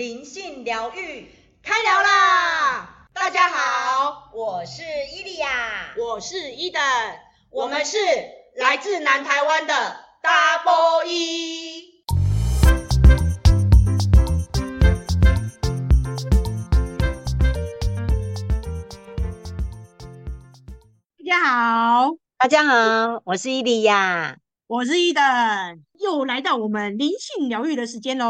靈性聊遇開聊啦！大家好，我是伊利亞，我是伊登，我們是來自南台灣的 Double E。大家好，大家好，我是伊利亞，我是伊登，又來到我們靈性聊遇的時間嘍。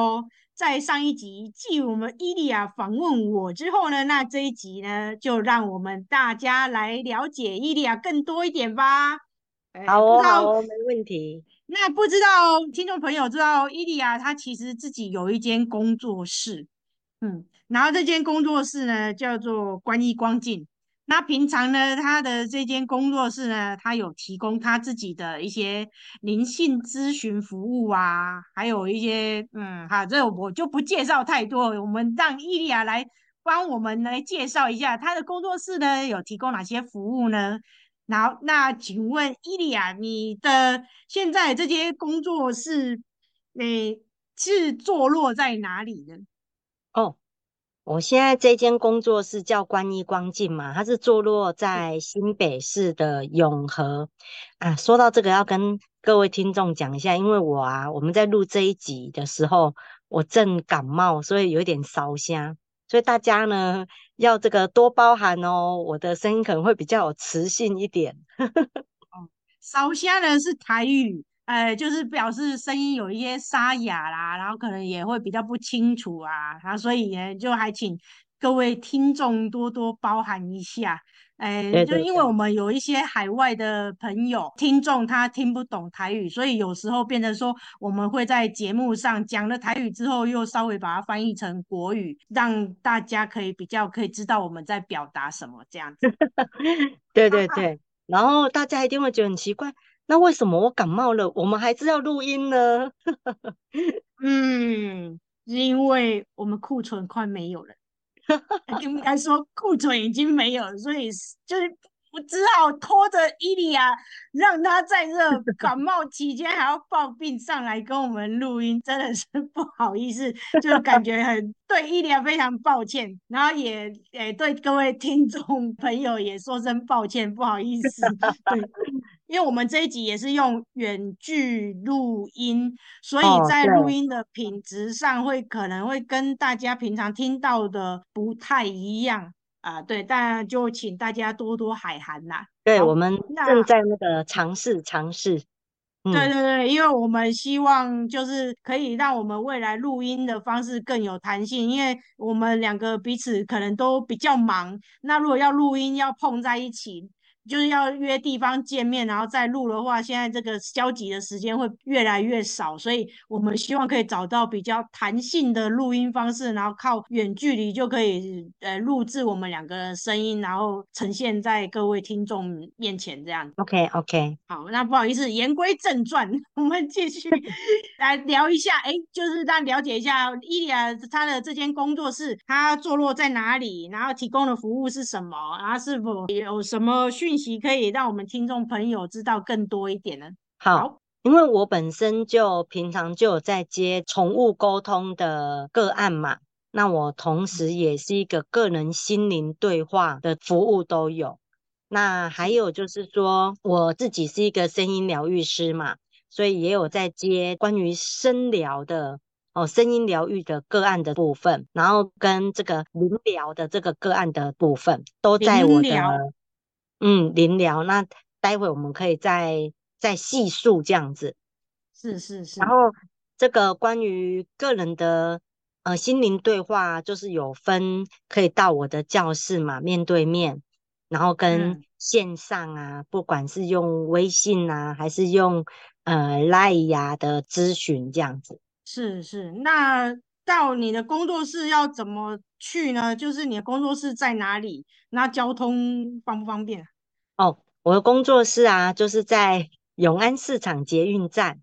在上一集，繼我們伊利亞訪問我之後呢，那這一集呢，就讓我們大家來了解伊利亞更多一點吧。好、哦，好、哦，沒問題。那不知道聽眾朋友知道，伊利亞她其實自己有一間工作室，嗯，然後這間工作室呢叫做觀一光境。那平常呢，他的這間工作室呢，他有提供他自己的一些靈性諮詢服務啊，還有一些，嗯，好，這我就不介紹太多，我們讓伊利亞來幫我們來介紹一下他的工作室呢，有提供哪些服務呢？然後，那請問伊利亞，你的現在這些工作室，你、呃、是坐落在哪裡呢？哦。Oh. 我現在這間工作室叫觀一光境嘛，它是坐落在新北市的永和。啊，說到這個要跟各位聽眾講一下，因為我啊，我們在錄這一集的時候，我正感冒，所以有一點燒聲，所以大家呢要這個多包涵哦，我的聲音可能會比較有磁性一點。哦，燒聲呢，是台語。呃，就是表示聲音有一些沙啞啦，然後可能也會比較不清楚啊，然、啊、後所以也就還請各位聽眾多多包涵一下。哎、呃，對對對，就因為我們有一些海外的朋友聽眾，他聽不懂台語，所以有時候變成說，我們會在節目上講了台語之後，又稍微把它翻譯成國語，讓大家可以比較可以知道我們在表達什麼，這樣子。 對對對，啊、然後大家一定會覺得很奇怪。那為什麼我感冒了，我們還是要錄音呢？ 嗯，是因為我們庫存快沒有了， 應該說庫存已經沒有了，所以就是我只好拖着伊利亞，讓他在這感冒期間還要抱病上來跟我們錄音，真的是不好意思，就感覺很 對伊利亞非常抱歉，然後也也對各位聽眾朋友也說聲抱歉，不好意思。對 因為我們這一集也是用遠距錄音，所以在錄音的品質上會可能會跟大家平常聽到的不太一樣啊、呃。對，但就請大家多多海涵啦。對，好我們正在那個嘗試那嘗試。嗯、對對對，因為我們希望就是可以讓我們未來錄音的方式更有彈性，因為我們兩個彼此可能都比較忙，那如果要錄音，要碰在一起，就是要約地方見面，然後再錄的話，現在這個交集的時間會越來越少，所以我們希望可以找到比較彈性的錄音方式，然後靠遠距離就可以呃錄制我們兩個的聲音，然後呈現在各位聽眾面前這樣。OK OK，好，那不好意思，言歸正傳，我們繼續來聊一下，哎， 就是讓了解一下伊利亞她的這間工作室，她坐落在哪裡，然後提供的服務是什麼，然後是否有什麼訊。可以讓我們聽眾朋友知道更多一點呢？好，因為我本身就平常就有在接寵物溝通的個案嘛，那我同時也是一個個人心靈對話的服務都有。那還有就是說，我自己是一個聲音療癒師嘛，所以也有在接關於聲療的哦，聲音療癒的個案的部分，然後跟這個靈療的這個個案的部分，都在我的。嗯，靈聊，那待會兒我們可以再再細述這樣子，是是是。是是，然後這個關於個人的呃心靈對話，就是有分可以到我的教室嘛，面對面，然後跟線上啊，嗯、不管是用微信啊還是用呃 Line、啊、的諮詢這樣子，是是。那到你的工作室要怎麼？去呢，就是你的工作室在哪裡？那交通方不方便啊？哦，我的工作室啊，就是在永安市場捷運站。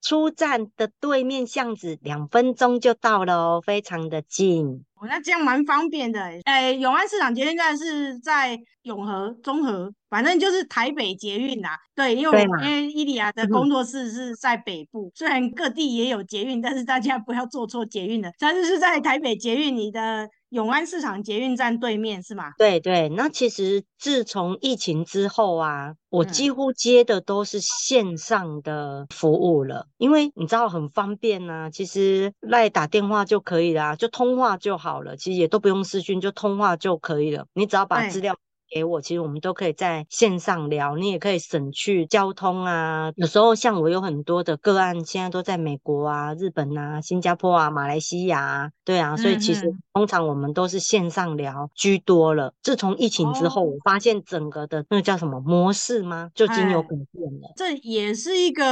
出站的對面巷子，兩分鐘就到了哦，非常的近。哦，那這樣蠻方便的，欸。誒、欸，永安市場捷運站是在永和、中和，反正就是台北捷運啊。對，因為我嗎因為伊利亞的工作室是在北部，嗯，雖然各地也有捷運，但是大家不要坐錯捷運了。但是是在台北捷運。你的。永安市場捷運站對面是嗎？對對，那其實自從疫情之後啊，我幾乎接的都是線上的服務了，嗯、因為你知道很方便吶、啊，其實賴打電話就可以啦、啊，就通話就好了，其實也都不用視訊，就通話就可以了，你只要把資料、哎。給、欸、我，其實我們都可以在線上聊，你也可以省去交通啊。有時候像我有很多的個案，現在都在美國啊、日本啊、新加坡啊、馬來西亞、啊，對啊，所以其實通常我們都是線上聊居多了。自從疫情之後，我發現整個的那個叫什麼模式嗎？就已經有改變了、嗯嗯嗯哦哎。這也是一個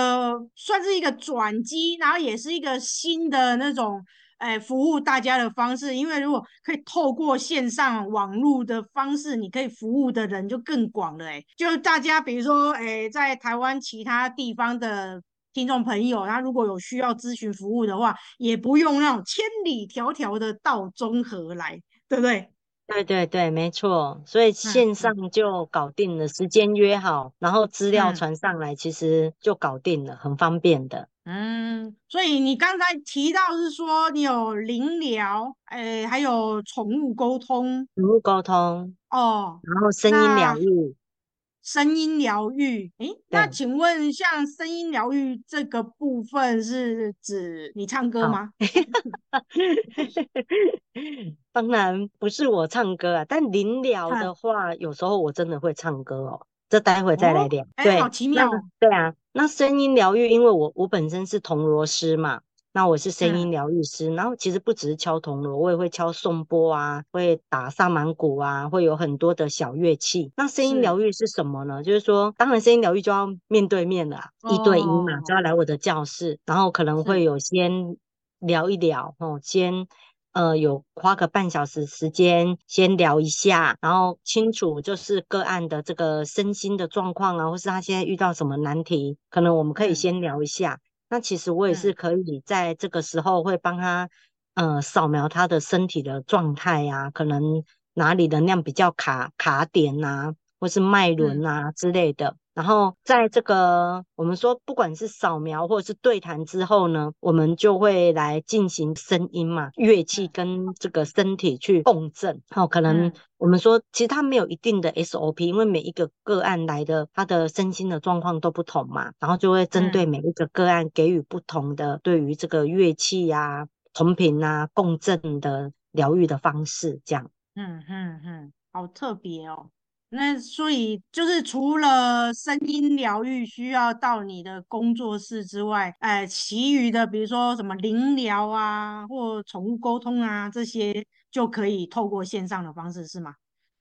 算是一個轉機，然後也是一個新的那種。哎、欸，服務大家的方式，因為如果可以透過線上網絡的方式，你可以服務的人就更廣了、欸。哎，就是大家，比如說，哎、欸，在台灣其他地方的聽眾朋友，他如果有需要諮詢服務的話，也不用那種千里迢迢的到中和來，對不對？對對對，沒錯。所以線上就搞定了，嗯、時間約好，然後資料傳上來，其實就搞定了，很方便的。嗯，所以你剛才提到是說你有靈療，哎、欸，還有寵物溝通，寵物溝通哦，然後聲音療癒，聲音療癒，欸、對那請問像聲音療癒這個部分是指你唱歌嗎？哦、 當然不是我唱歌啊，但靈療的話，嗯、有時候我真的會唱歌哦，這待會再來點、哦欸、對，好奇妙，對啊。那聲音療癒，因為我我本身是銅鑼師嘛，那我是聲音療癒師，嗯、然後其實不只是敲銅鑼，我也會敲頌缽啊，會打薩滿鼓啊，會有很多的小樂器。那聲音療癒是什麼呢？是就是說，當然聲音療癒就要面對面的，哦、一對一嘛，就要來我的教室，哦、然後可能會有先聊一聊，是哦、先。呃，有花個半小時時間先聊一下，然後清楚就是個案的這個身心的狀況啊，或是他現在遇到什麼難題，可能我們可以先聊一下。嗯。那其實我也是可以在這個時候會幫他，嗯。呃，掃描他的身體的狀態呀、啊，可能哪裡能量比較卡卡點啊，或是脈輪啊之類的。嗯然後在這個我們說，不管是掃描或者是對談之後呢，我們就會來進行聲音嘛，樂器跟這個身體去共振。好、哦，可能我們說，其實它沒有一定的 SOP，因為每一個個案來的它的身心的狀況都不同嘛，然後就會針對每一個個案給予不同的對於這個樂器呀、啊、同頻啊、共振的療癒的方式這樣。嗯嗯嗯，好特別哦。那所以就是除了聲音療癒需要到你的工作室之外，誒、呃，其餘的比如說什麼靈療啊，或寵物溝通啊這些，就可以透過線上的方式，是嗎？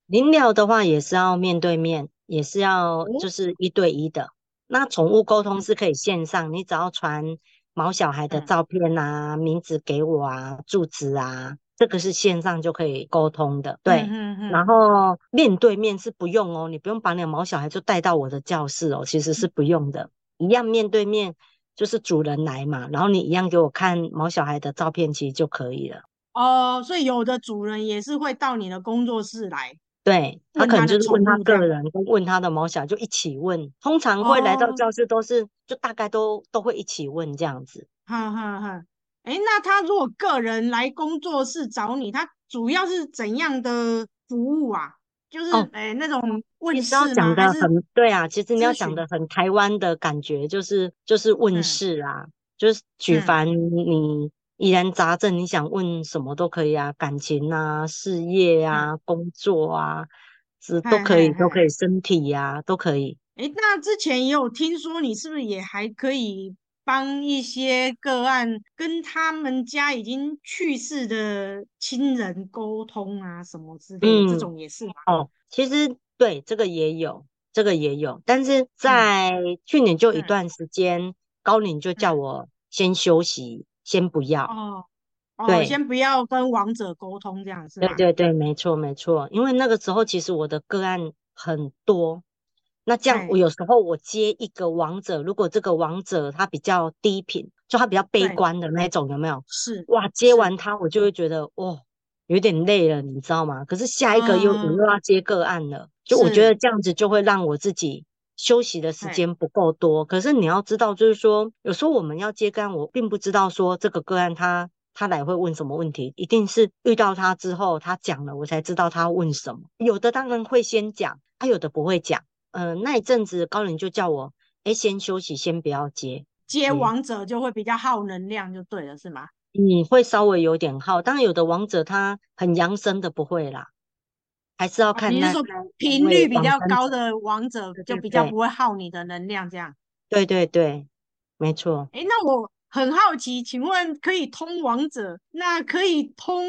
靈療的話也是要面對面，也是要就是一對一的。哦、那寵物溝通是可以線上，你只要傳毛小孩的照片啊、嗯、名字給我啊、住址啊。這個是線上就可以溝通的，對，嗯、哼哼然後面對面是不用哦，你不用把你的毛小孩就帶到我的教室哦，其實是不用的，嗯、哼一樣面對面就是主人來嘛，然後你一樣給我看毛小孩的照片其實就可以了。哦，所以有的主人也是會到你的工作室來，對，他可能就是問他個人，跟問他的毛小孩就一起問，通常會來到教室都是、哦、就大概都都會一起問這樣子。哈哈哈哎、欸，那他如果個人來工作室找你，他主要是怎樣的服務啊？就是哎、哦欸，那種問事，嘛是。你要講的很對啊，其實你要講的很台灣的感覺，就是詢就是問事啊，嗯、就是舉凡你疑難雜症，你想問什麼都可以啊，嗯、感情啊、事業啊、嗯、工作啊，是都可以，嘿嘿嘿都可以，身體呀、啊、都可以。哎、欸，那之前也有聽說，你是不是也還可以？幫一些個案跟他們家已經去世的親人溝通啊，什麼之類的，這種也是、嗯、哦。其實對這個也有，這個也有，但是在去年就一段時間，嗯、高靈就叫我先休息，嗯、先不要哦，對哦，先不要跟亡者溝通，這樣子，對對對，沒錯沒錯，因為那個時候其實我的個案很多。那這樣，我有時候我接一個王者，對如果這個王者他比較低頻，就他比較悲觀的那種，有沒有？是對哇，是接完他我就會覺得是哦，有點累了，你知道嗎？可是下一個、嗯、又我又要接個案了，就我覺得這樣子就會讓我自己休息的時間不夠多。是，可是你要知道，就是說有時候我們要接個案，我並不知道說這個個案他他來會問什麼問題，一定是遇到他之後他講了，我才知道他問什麼。有的當然會先講，他有的不會講。嗯、呃，那一陣子高人就叫我，哎、欸，先休息，先不要接，接亡者就會比較耗能量，就對了，是嗎對？嗯，會稍微有點耗，當然有的亡者他很陽生的，不會啦，還是要看那。你是、啊、說頻率比較高的亡者就比較不會耗你的能量，這樣？對對對，沒錯。哎、欸，那我很好奇，請問可以通亡者，那可以通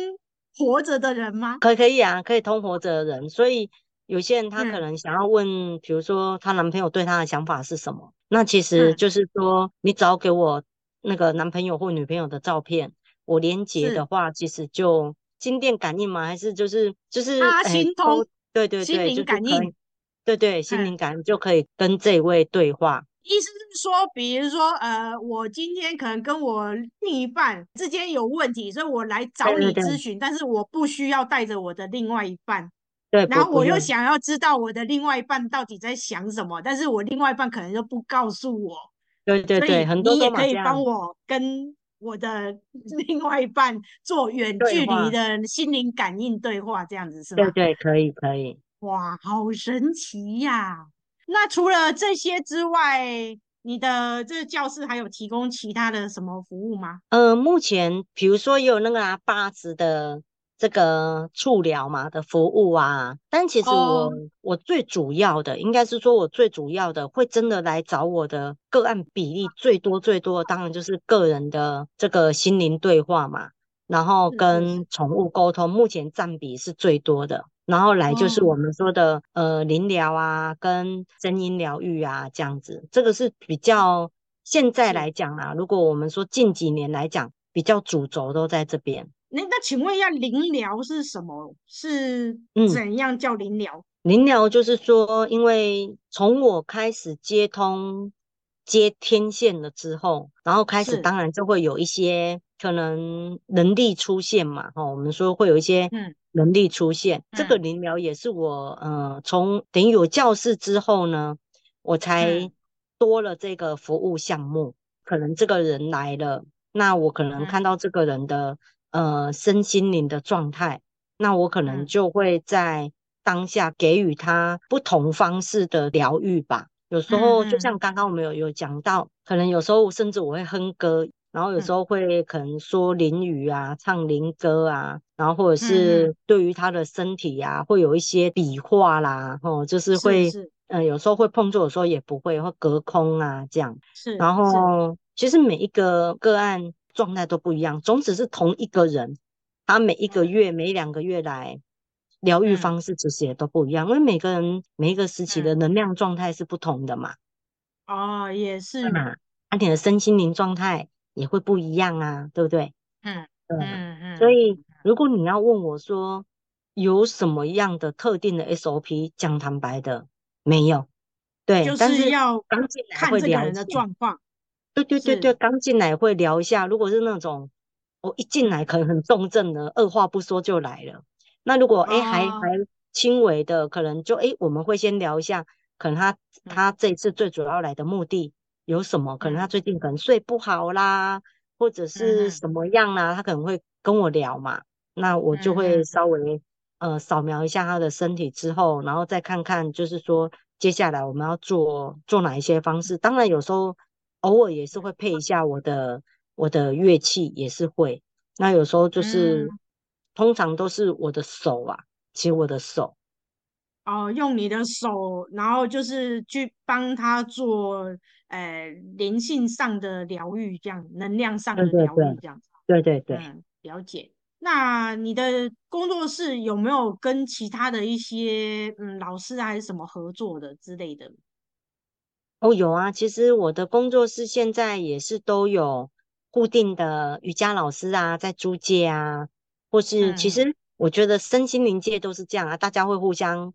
活着的人嗎？可以，可以啊，可以通活着的人，所以。有些人她可能想要問，比、嗯、如說她男朋友對她的想法是什麼？嗯、那其實就是說，你只要給我那個男朋友或女朋友的照片，嗯、我連接的話，其實就心電感應嗎？是還是就是就是、啊欸、他心通？對對對，心靈感應。對對，心靈感應就可以跟這一位對話。意思是說，比如說，呃，我今天可能跟我另一半之間有問題，所以我來找你諮詢，對對對，但是我不需要帶着我的另外一半。然後我又想要知道我的另外一半到底在想什麼，但是我另外一半可能就不告訴我。對對對，你也可以幫我跟我的另外一半做遠距離的心靈感應對話，這樣子是吧？對，對對，可以可以。哇，好神奇呀！啊！那除了這些之外，你的這個教室還有提供其他的什麼服務嗎？呃，目前比如說有那個八字的。這個處療嘛的服務啊，但其實我、oh. 我最主要的應該是說，我最主要的會真的來找我的個案比例最多最多的，當然就是個人的這個心靈對話嘛，然後跟寵物溝通，目前佔比是最多的。然後來就是我們說的呃靈療啊，跟聲音療癒啊這樣子，這個是比較現在來講啊，如果我們說近幾年來講，比較主軸都在這邊。那那請問一下，靈療是什麼？是怎樣叫靈療？靈療、嗯、就是說，因為從我開始接通、接天線了之後，然後開始當然就會有一些可能能力出現嘛，吼是、哦，我們說會有一些能力出現。嗯、這個靈療也是我，呃從等於有教室之後呢，我才多了這個服務項目。嗯、可能這個人來了，那我可能看到這個人的。呃，身心靈的狀態，那我可能就會在當下給予他不同方式的療癒吧。嗯、有時候就像剛剛我們有有講到，可能有時候甚至我會哼歌，然後有時候會可能說淋雨啊，唱靈歌啊，然後或者是對於他的身體呀、啊，嗯、會有一些比劃啦，哦，就是會，嗯、呃，有時候會碰觸，有時候也不會，或隔空啊這樣。是，然後是其實每一個個案。狀態都不一樣，總之是同一個人，他每一個月，嗯、每兩個月來療癒方式其實也都不一樣，嗯，因為每個人每一個時期的能量狀態是不同的嘛。哦，也是嘛，那，嗯啊，你的身心靈狀態也會不一樣啊，對不對？嗯嗯嗯，嗯嗯，所以如果你要問我說有什麼樣的特定的 SOP，講坦白的，沒有，對，就是要看這個人的狀況。對對對對，是剛進來會聊一下。如果是那種我一進來可能很重症的，二話不說就來了。那如果哎、哦、還還輕微的，可能就哎我們會先聊一下。可能他他這次最主要來的目的有什麼？嗯、可能他最近可能睡不好啦，嗯、或者是什麼樣啦，他可能會跟我聊嘛。嗯、那我就會稍微呃掃描一下他的身體之後，然後再看看就是說接下來我們要做做哪一些方式。嗯、當然有時候。偶爾也是會配一下我的，嗯、我的樂器，也是會。那有時候就是，嗯、通常都是我的手啊，其實我的手。哦，用你的手，然後就是去幫他做，呃，靈性上的療癒這樣，能量上的療癒，這樣子，對對對。對對對，嗯。了解。那你的工作室有沒有跟其他的一些嗯老師還是什麼合作的之類的？哦，有啊，其實我的工作室現在也是都有固定的瑜伽老師啊，在租借啊，或是其實我覺得身心靈界都是這樣啊，嗯、大家會互相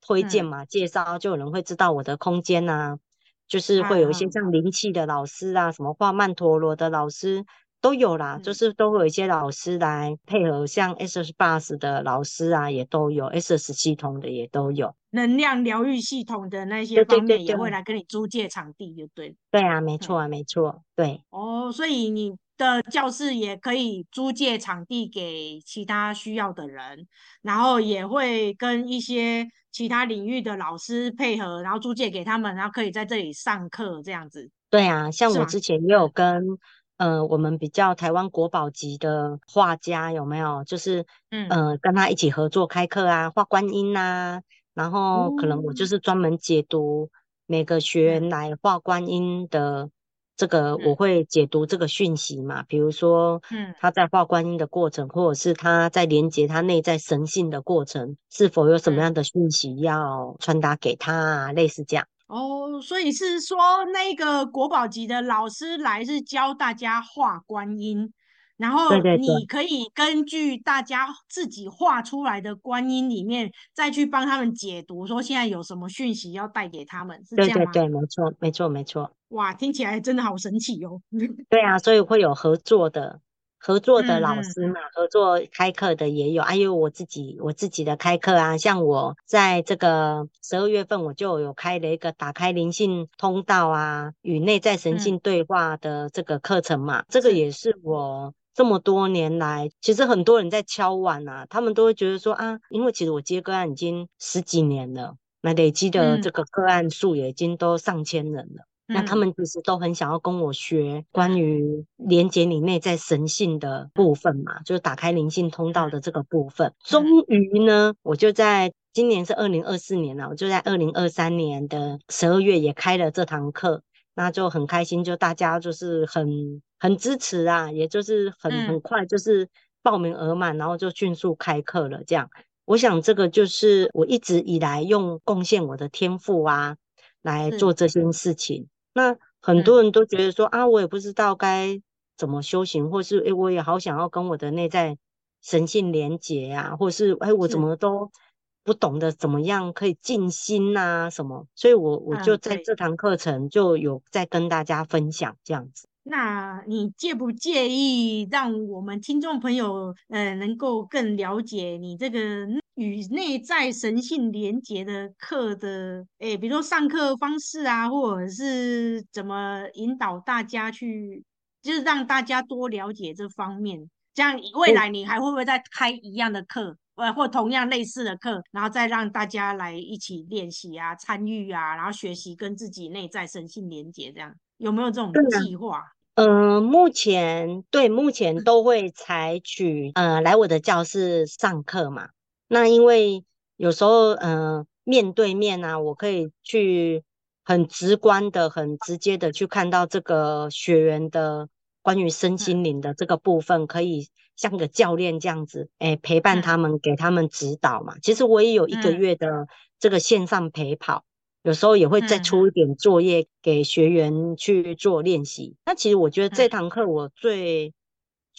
推薦嘛，嗯、介紹，就有人會知道我的空間吶、啊，就是會有一些像靈氣的老師啊，好什麼畫曼陀羅的老師。都有啦，嗯、就是都會有一些老師來配合，像 S S Bus 的老師啊，也都有 S S 系統的也都有，能量療癒系統的那些方面對對對對，也會來跟你租借場地，就對。對啊，沒錯啊，嗯、沒錯，對。哦，所以你的教室也可以租借場地給其他需要的人，然後也會跟一些其他領域的老師配合，然後租借給他們，然後可以在這裡上課這樣子。對啊，像我之前也有跟、啊。嗯呃，我們比較台灣國寶級的畫家有沒有？就是，嗯、呃，跟他一起合作開課啊，畫觀音吶、啊。然後可能我就是專門解讀每個學員來畫觀音的這個，我會解讀這個訊息嘛。比如說，嗯，他在畫觀音的過程，或者是他在連接他內在神性的過程，是否有什麼樣的訊息要傳達給他、啊，類似這樣。哦，所以是說那個國寶級的老師來是教大家畫觀音，然後你可以根據大家自己畫出來的觀音裡面，再去幫他們解讀，說現在有什麼訊息要帶給他們，是這樣嗎？對對對，沒錯，沒錯，沒錯。哇，聽起來真的好神奇喲、哦！ 對啊，所以會有合作的。合作的老師嘛，嗯嗯合作開課的也有，還、啊、有我自己我自己的開課啊，像我在這個十二月份我就有開了一個打開靈性通道啊，與內在神性對話的這個課程嘛，嗯、這個也是我這麼多年來，其實很多人在敲碗啊，他們都會覺得說啊，因為其實我接個案已經十幾年了，那累積的這個個案數也已經都上千人了。嗯那他們其實都很想要跟我學關於連接你內在神性的部分嘛，就是打開靈性通道的這個部分。終於呢，我就在今年是二零二四年了，我就在二零二三年的十二月也開了這堂課。那就很開心，就大家就是很很支持啊，也就是很很快就是報名額滿，然後就迅速開課了。這樣，我想這個就是我一直以來用貢獻我的天賦啊來做這些事情、嗯。嗯那很多人都覺得說、嗯、啊，我也不知道該怎麼修行，或是哎，我也好想要跟我的內在神性連接啊，或是哎，我怎麼都不懂得怎麼樣可以靜心吶、啊、什麼，所以我我就在這堂課程就有在跟大家分享、嗯、這樣子。那你介不介意讓我們聽眾朋友呃能夠更了解你這個？與內在神性連接的課的，哎，比如說上課方式啊，或者是怎麼引導大家去，就是讓大家多了解這方面。這樣，未來你還會不會再開一樣的課，對或同樣類似的課，然後再讓大家來一起練習啊、參與啊，然後學習跟自己內在神性連接，這樣有沒有這種計劃？啊、呃，目前對，目前都會採取、嗯、呃，來我的教室上課嘛。那因為有時候，嗯、呃，面對面啊，我可以去很直觀的、很直接的去看到這個學員的關於身心靈的這個部分，嗯、可以像個教練這樣子，誒、欸、陪伴他們，嗯、給他們指導嘛。其實我也有一個月的這個線上陪跑，嗯、有時候也會再出一點作業給學員去做練習。嗯、那其實我覺得這堂課我最。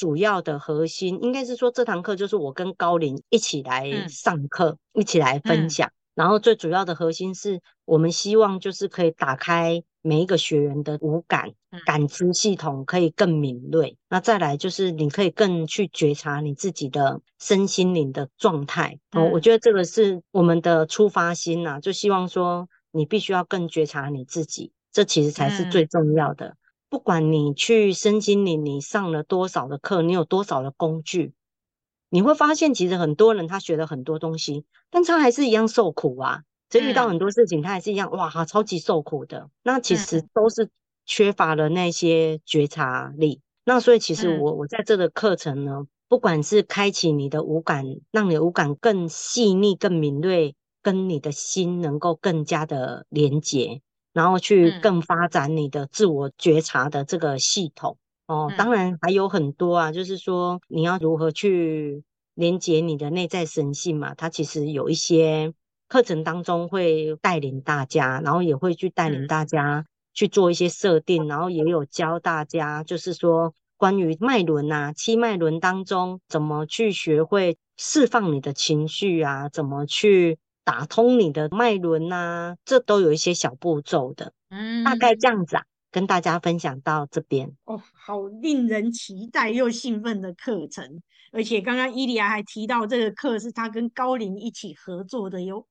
主要的核心應該是說，這堂課就是我跟高林一起來上課，嗯、一起來分享。嗯嗯、然後最主要的核心是我們希望就是可以打開每一個學員的五感、嗯、感知系統，可以更敏銳。嗯、那再來就是你可以更去覺察你自己的身心靈的狀態、嗯哦。我覺得這個是我們的出發心吶、啊，就希望說你必須要更覺察你自己，這其實才是最重要的。嗯嗯不管你去身心靈你你上了多少的課，你有多少的工具，你會發現，其實很多人他學了很多東西，但他還是一樣受苦啊，這遇到很多事情，他還是一樣、嗯、哇，超級受苦的。那其實都是缺乏了那些覺察力。嗯、那所以，其實我我在這個課程呢，不管是開啟你的五感，讓你的五感更細膩、更敏銳，跟你的心能夠更加的連結。然後去更發展你的自我覺察的這個系統。嗯。哦，當然還有很多啊，就是說你要如何去連接你的內在神性嘛？它其實有一些課程當中會帶領大家，然後也會去帶領大家去做一些設定，嗯。然後也有教大家，就是說關於脈輪啊，七脈輪當中怎麼去學會釋放你的情緒啊，怎麼去。打通你的脈輪啊，這都有一些小步驟的，嗯，大概這樣子啊，跟大家分享到這邊哦。好令人期待又興奮的課程，而且剛剛伊利亞還提到這個課是她跟高林一起合作的喲，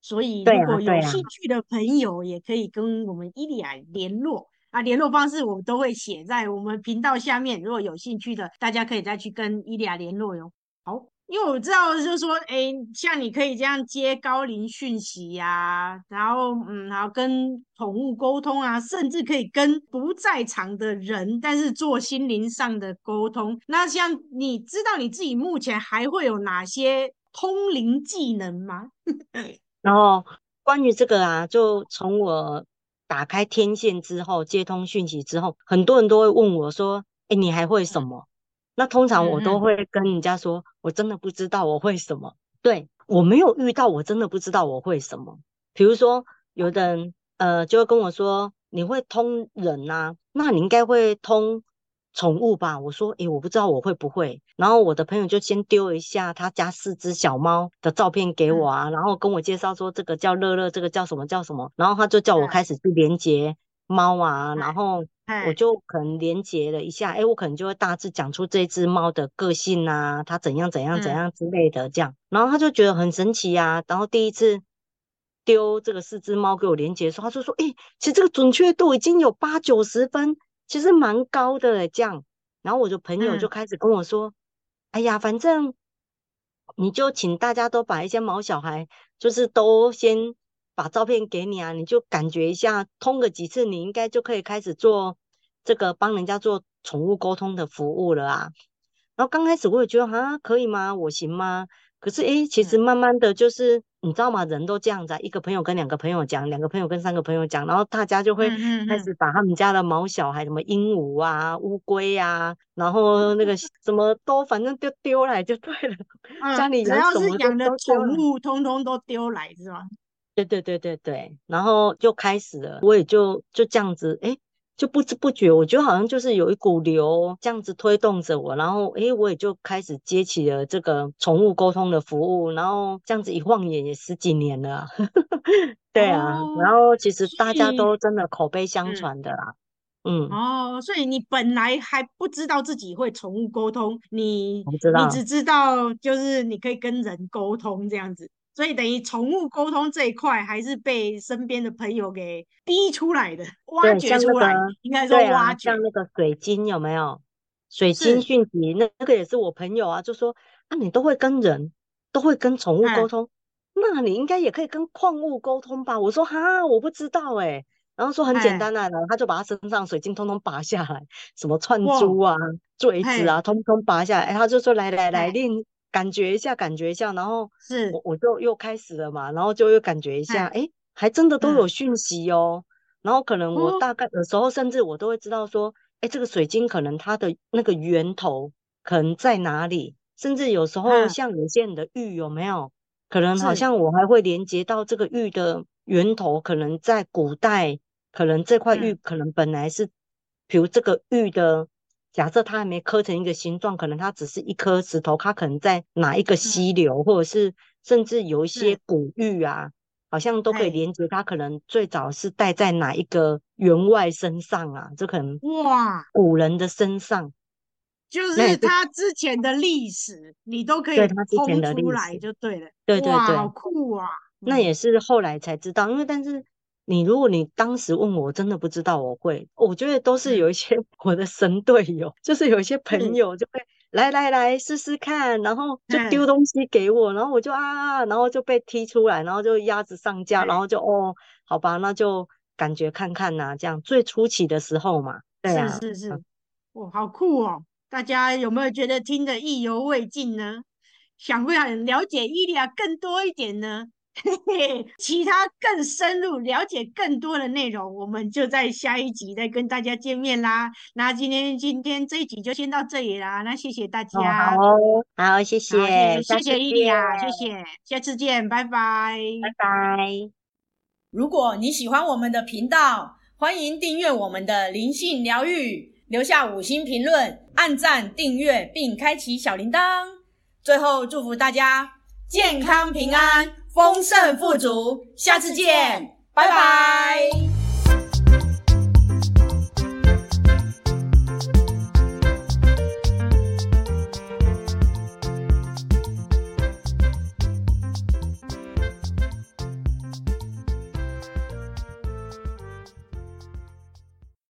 所以如果有興趣的朋友也可以跟我們伊利亞聯絡啊，聯絡啊，聯絡方式我都會寫在我們頻道下面，如果有興趣的大家可以再去跟伊利亞聯絡喲，好。因為我知道，就是說，哎，像你可以這樣接高靈訊息呀、啊，然後，嗯，然後跟寵物溝通啊，甚至可以跟不在場的人，但是做心靈上的溝通。那像你知道你自己目前還會有哪些通靈技能嗎？ 然後關於這個啊，就從我打開天線之後接通訊息之後，很多人都會問我說：“哎，你還會什麼？”嗯那通常我都會跟人家說，嗯嗯，我真的不知道我會什麼，對我沒有遇到，我真的不知道我會什麼。比如說有的人呃，就會跟我說你會通人吶、啊，那你應該會通寵物吧？我說誒，我不知道我會不會。然後我的朋友就先丟一下他家四隻小貓的照片給我啊，嗯嗯，然後跟我介紹說這個叫樂樂，這個叫什麼叫什麼，然後他就叫我開始去連接貓啊，嗯、然後。 我就可能連接了一下，哎、欸，我可能就會大致講出這隻貓的個性吶、啊，它怎樣怎樣怎樣之類的，這樣，嗯、然後他就覺得很神奇啊，然後第一次丟這個四隻貓給我連接的時候，他就說，哎、欸，其實這個準確度已經有八九十分，其實蠻高的嘞，這樣，然後我的朋友就開始跟我說，嗯、哎呀，反正你就請大家都把一些毛小孩，就是都先。把照片給你啊，你就感覺一下，通個幾次，你應該就可以開始做這個幫人家做寵物溝通的服務了啊。然後剛開始我也覺得啊，可以嗎？我行嗎？可是哎，其實慢慢的就是你知道嗎？人都這樣子、啊，一個朋友跟兩個朋友講，兩個朋友跟三個朋友講，然後大家就會開始把他們家的毛小孩，什麼鸚鵡啊、烏龜啊，然後那個什麼都、嗯、反正就丟，丟來就對了。嗯、家裡只要是養的寵物，通通都丟來是吧？對對對對對，然後就開始了，我也就就這樣子，哎，就不知不覺，我覺得好像就是有一股流這樣子推動着我，然後哎，我也就開始接起了這個寵物溝通的服務，然後這樣子一晃眼也十幾年了，呵呵對啊，哦、然後其實大家都真的口碑相傳的啦，嗯，嗯哦，所以你本來還不知道自己會寵物溝通，你你只知道就是你可以跟人溝通這樣子。所以等於寵物溝通這一塊，還是被身邊的朋友給逼出來的，對挖掘出來的，那個、應該說挖掘、啊。像那個水晶有沒有？水晶訊息那那個也是我朋友啊，就說啊你都會跟人都會跟寵物溝通，哎、那你應該也可以跟礦物溝通吧？我說哈我不知道哎、欸，然後說很簡單的、啊，然後、哎、他就把他身上水晶通通拔下來，什麼串珠啊、墜哇子啊，哎、通通拔下來，欸、他就說來來來練。哎感覺一下，感覺一下，然後我我就又開始了嘛，是然後就又感覺一下，哎、嗯，還真的都有訊息哦。嗯、然後可能我大概有時候甚至我都會知道說，哎、哦，這個水晶可能它的那個源頭可能在哪裡？甚至有時候像有些人的玉有沒有？嗯、可能好像我還會連接到這個玉的源頭，是可能在古代，可能這塊玉可能本來是，比、嗯、如這個玉的。假設它還沒刻成一個形狀，可能它只是一顆石頭，它可能在哪一個溪流，嗯、或者是甚至有一些古玉啊，嗯、好像都可以連接。它、欸、可能最早是戴在哪一個員外身上啊？這可能哇，古人的身上，就是他之前的歷史，你都可以、欸、對他之前的出來就對了。對對對，好酷啊！嗯、那也是後來才知道，因為但是。你如果你當時問我，我真的不知道，我會，我覺得都是有一些我的神隊友，嗯、就是有一些朋友就會來來來試試看，然後就丟東西給我，嗯、然後我就啊，然後就被踢出來，然後就鴨子上架，嗯、然後就哦，好吧，那就感覺看看吶、啊，這樣最初期的時候嘛，對啊，是是是，嗯、哇，好酷哦！大家有沒有覺得聽得意猶未盡呢？想不想了解 Eliya 更多一點呢？嘿嘿， 其他更深入，了解更多的內容，我們就在下一集再跟大家見面啦。那今天今天這一集就先到這裡啦。那謝謝大家，哦、好、哦，好，謝謝，謝謝，謝謝 Eliya，謝謝，下次見，拜拜，拜拜。如果你喜歡我們的頻道，歡迎訂閱我們的靈性聊遇，留下五星評論，按贊訂閱並開啟小鈴鐺。最後祝福大家健康平安。豐盛富足，下次見，拜拜。拜拜